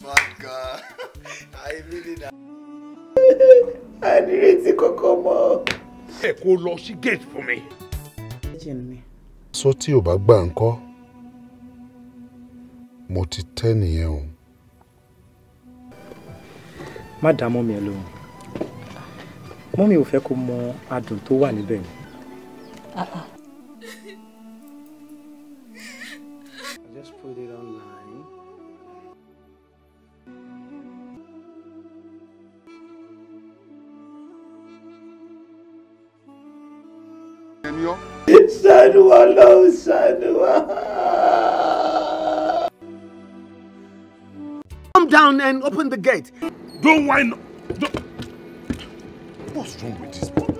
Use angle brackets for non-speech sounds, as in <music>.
fuck God. <laughs> I really na. A nírètí kankan mọ́. Ẹ kó lọ sí gate fún mi. Sọ tí ò bá gbà ń kọ́, mo ti tẹ́ nìyẹn o. Má dá mọ́ mi ẹ lóhùn. Mọ́mí ò fẹ́ kó mọ adùn tó wà níbẹ̀ ni. Ah, ah. I just put it ẹni ọ. ṣàánú wa lọ́hùn ṣàánú Come down and open the gate. Don't whine. Don't... What's wrong with this? Boy?